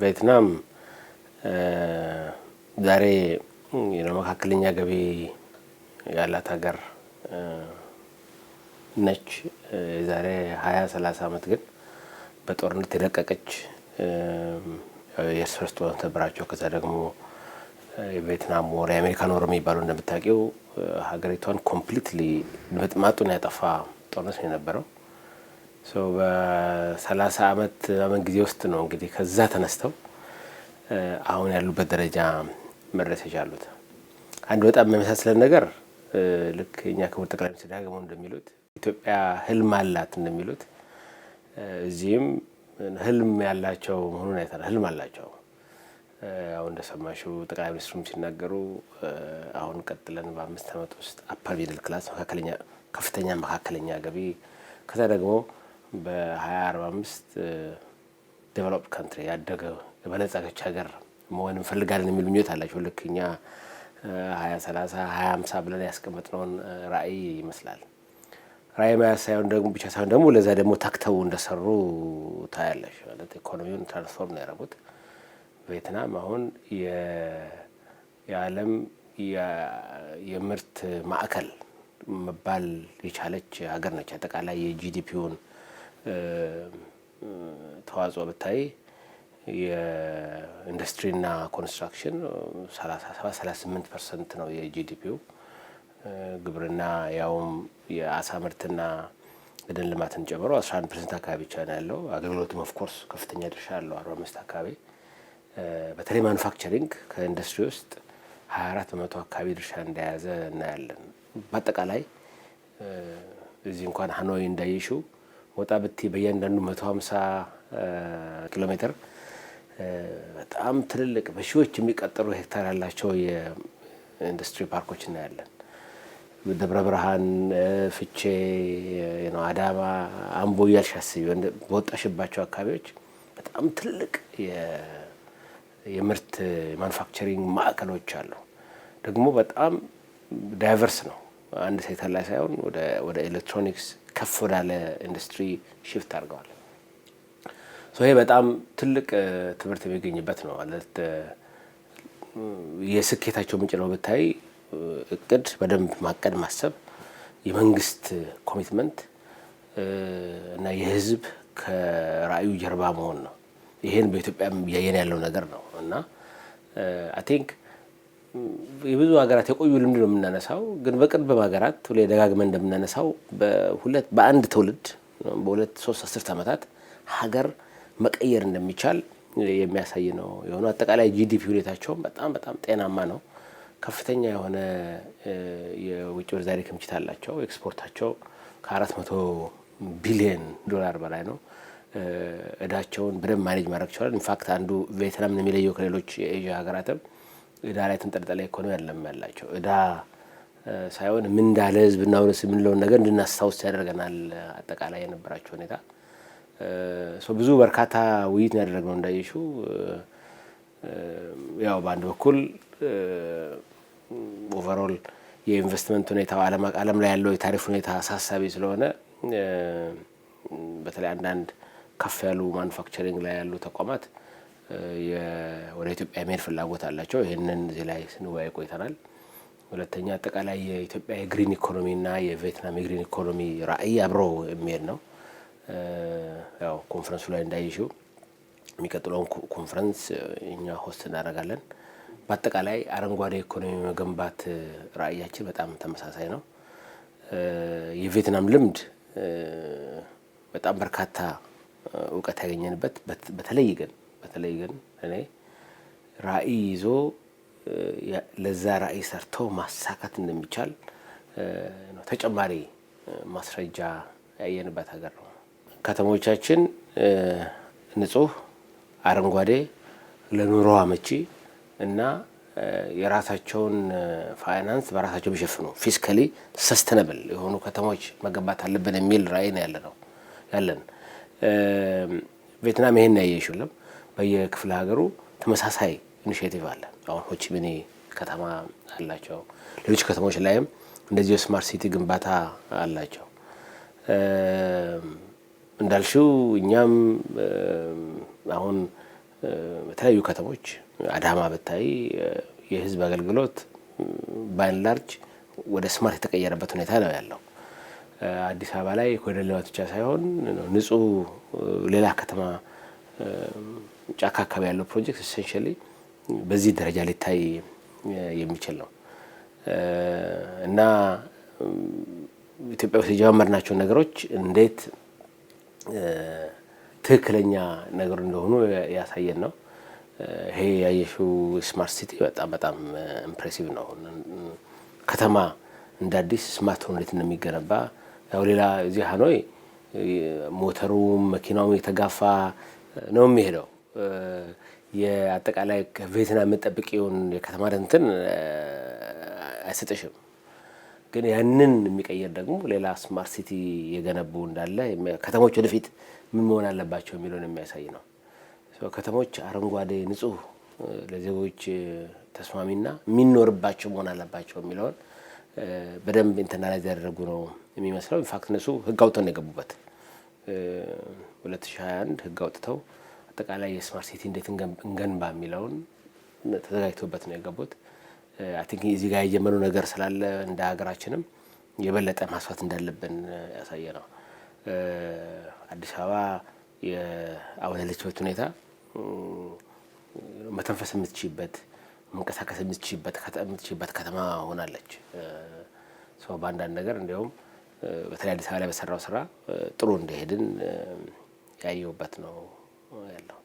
ቬትናም ዛሬ መካከለኛ ገቢ ያላት ሀገር ነች። የዛሬ ሀያ ሰላሳ አመት ግን በጦርነት የለቀቀች የእርስ በርስ ጦርነት ነበራቸው። ከዛ ደግሞ የቬትናም ወር የአሜሪካን ወር የሚባለው እንደምታውቂው ሀገሪቷን ኮምፕሊትሊ ድምጥማጡን ያጠፋ ጦርነት ነው የነበረው። በሰላሳ uh, አመት በመን ጊዜ ውስጥ ነው እንግዲህ ከዛ ተነስተው uh, አሁን ያሉበት ደረጃ መድረስ የቻሉት። አንድ በጣም የሚያመሳስለን ነገር uh, ልክ እኛ ክቡር ጠቅላይ ሚኒስትር ዳግሞ እንደሚሉት ኢትዮጵያ ህልም አላት እንደሚሉት እዚህም ህልም ያላቸው መሆኑን አይተናል። ህልም አላቸው። አሁን እንደሰማሹ ጠቅላይ ሚኒስትሩም ሲናገሩ አሁን ቀጥለን በአምስት አመት ውስጥ አፐር ሚድል ክላስ መካከለኛ፣ ከፍተኛ መካከለኛ ገቢ ከዛ ደግሞ በ2045 ዴቨሎፕ ካንትሪ ያደገ በለጸገች ሀገር መሆን እንፈልጋለን የሚል ምኞት አላቸው። ልክ እኛ 2030 2050 ብለን ያስቀመጥነውን ራዕይ ይመስላል። ራዕይ መያዝ ሳይሆን ደግሞ ብቻ ሳይሆን ደግሞ ለዛ ደግሞ ተክተው እንደሰሩ ታያለች። ማለት ኢኮኖሚውን ትራንስፎርም ነው ያደረጉት። ቬትናም አሁን የዓለም የምርት ማዕከል መባል የቻለች ሀገር ነች። አጠቃላይ የጂዲፒውን ተዋጽኦ ብታይ የኢንዱስትሪና ኮንስትራክሽን 38 ፐርሰንት ነው የጂዲፒው። ግብርና ያውም የአሳ ምርትና ደን ልማትን ጨምሮ 11 ፐርሰንት አካባቢ ብቻ ነው ያለው። አገልግሎቱም ኦፍኮርስ ከፍተኛ ድርሻ አለው 45 አካባቢ። በተለይ ማኑፋክቸሪንግ ከኢንዱስትሪ ውስጥ 24 በመቶ አካባቢ ድርሻ እንደያዘ እናያለን። በአጠቃላይ እዚህ እንኳን ሀኖይ እንዳይሽው ወጣ ብቲ በእያንዳንዱ 150 ኪሎ ሜትር በጣም ትልልቅ በሺዎች የሚቀጠሩ ሄክታር ያላቸው የኢንዱስትሪ ፓርኮች እናያለን። ደብረ ብርሃን፣ ፍቼ፣ አዳማ፣ አምቦ እያልሽ በወጣሽባቸው አካባቢዎች በጣም ትልቅ የምርት ማኑፋክቸሪንግ ማዕከሎች አሉ። ደግሞ በጣም ዳይቨርስ ነው። አንድ ሴክተር ላይ ሳይሆን ወደ ኤሌክትሮኒክስ ከፍ ወዳለ ኢንዱስትሪ ሽፍት አድርገዋል። ይሄ በጣም ትልቅ ትምህርት የሚገኝበት ነው። ማለት የስኬታቸው ምንጭ ነው ብታይ እቅድ በደንብ ማቀድ፣ ማሰብ፣ የመንግስት ኮሚትመንት እና የህዝብ ከራዕዩ ጀርባ መሆን ነው። ይህን በኢትዮጵያ እያየን ያለው ነገር ነው እና አይ ቲንክ የብዙ ሀገራት የቆዩ ልምድ ነው የምናነሳው። ግን በቅርብም ሀገራት ሁሌ ደጋግመን እንደምናነሳው በሁለት በአንድ ትውልድ በሁለት ሶስት አስርት ዓመታት ሀገር መቀየር እንደሚቻል የሚያሳይ ነው የሆኑ አጠቃላይ ጂዲፒ ሁኔታቸውም በጣም በጣም ጤናማ ነው። ከፍተኛ የሆነ የውጭ ምንዛሪ ክምችት አላቸው። ኤክስፖርታቸው ከአራት መቶ ቢሊየን ዶላር በላይ ነው። እዳቸውን በደንብ ማኔጅ ማድረግ ይችላል። ኢንፋክት አንዱ ቬትናምን የሚለየው ከሌሎች የኤዥያ ሀገራትም እዳ ላይ ተንጠልጠለ ኢኮኖሚ አይደለም ያላቸው እዳ ሳይሆን ምን እንዳለ ህዝብ እና እውነት የምንለውን ነገር እንድናስታውስ ያደርገናል። አጠቃላይ የነበራቸው ሁኔታ ብዙ በርካታ ውይይት ነው እንዳይሹ ያው በአንድ በኩል ኦቨሮል የኢንቨስትመንት ሁኔታው ዓለም ላይ ያለው የታሪፍ ሁኔታ አሳሳቢ ስለሆነ በተለይ አንዳንድ ከፍ ያሉ ማኑፋክቸሪንግ ላይ ያሉ ተቋማት ወደ ኢትዮጵያ የመሄድ ፍላጎት አላቸው። ይህንን እዚህ ላይ ስንወያይ ቆይተናል። ሁለተኛ አጠቃላይ የኢትዮጵያ የግሪን ኢኮኖሚና የቬትናም የግሪን ኢኮኖሚ ራዕይ አብሮ የሚሄድ ነው። ያው ኮንፈረንሱ ላይ እንዳይሽው የሚቀጥለውን ኮንፈረንስ እኛ ሆስት እናደርጋለን። በአጠቃላይ አረንጓዴ ኢኮኖሚ መገንባት ራዕያችን በጣም ተመሳሳይ ነው። የቬትናም ልምድ በጣም በርካታ እውቀት ያገኘንበት በተለይ ግን በተለይ ግን እኔ ራዕይ ይዞ ለዛ ራዕይ ሰርተው ማሳካት እንደሚቻል ተጨማሪ ማስረጃ ያየንበት ሀገር ነው። ከተሞቻችን ንጹህ፣ አረንጓዴ፣ ለኑሮ አመቺ እና የራሳቸውን ፋይናንስ በራሳቸው የሚሸፍኑ ፊስካሊ ሰስተነብል የሆኑ ከተሞች መገንባት አለብን የሚል ራዕይ ነው ያለ ነው ያለን ቬትናም ይሄን ያየሽለም በየክፍለ ሀገሩ ተመሳሳይ ኢኒሽቲቭ አለ። አሁን ሆቺሚኒ ከተማ አላቸው። ሌሎች ከተሞች ላይም እንደዚህ ስማርት ሲቲ ግንባታ አላቸው። እንዳልሽው እኛም አሁን በተለያዩ ከተሞች አዳማ ብታይ የህዝብ አገልግሎት ባይንላርጅ ወደ ስማርት የተቀየረበት ሁኔታ ነው ያለው። አዲስ አበባ ላይ ኮሪደር ልማት ብቻ ሳይሆን ንጹህ ሌላ ከተማ ጫካ አካባቢ ያለው ፕሮጀክት ኤሴንሽሊ በዚህ ደረጃ ሊታይ የሚችል ነው እና ኢትዮጵያ ውስጥ የጀመርናቸው ነገሮች እንዴት ትክክለኛ ነገር እንደሆኑ ያሳየን ነው። ይሄ ያየሽው ስማርት ሲቲ በጣም በጣም ኢምፕሬሲቭ ነው። ከተማ እንደ አዲስ ስማርት ሆኖ እንዴት እንደሚገነባ ያው ሌላ እዚህ ሀኖይ ሞተሩም መኪናውም የተጋፋ ነው የሚሄደው። የአጠቃላይ ቤትን የምጠብቂውን የከተማ እንትን አይሰጥሽም። ግን ያንን የሚቀይር ደግሞ ሌላ ስማርት ሲቲ የገነቡ እንዳለ ከተሞች ወደፊት ምን መሆን አለባቸው የሚለውን የሚያሳይ ነው። ከተሞች አረንጓዴ፣ ንጹህ፣ ለዜጎች ተስማሚና የሚኖርባቸው መሆን አለባቸው የሚለውን በደንብ ኢንተርናላይዝ ያደረጉ ነው የሚመስለው። ኢንፋክት እነሱ ህግ አውጥተው ነው የገቡበት። 2021 ህግ አውጥተው አጠቃላይ የስማርት ሲቲ እንዴት እንገንባ የሚለውን ተዘጋጅቶበት ነው የገቡት። አይ ቲንክ እዚህ ጋር የጀመረው ነገር ስላለ እንደ ሀገራችንም የበለጠ ማስፋት እንዳለብን ያሳየ ነው። አዲስ አበባ የአወለለችበት ሁኔታ መተንፈስ የምትችበት መንቀሳቀስ የምትችበት ከተማ ሆናለች። ሰው በአንዳንድ ነገር እንዲያውም በተለይ አዲስ አበባ ላይ በሰራው ስራ ጥሩ እንደሄድን ያየውበት ነው። Bueno.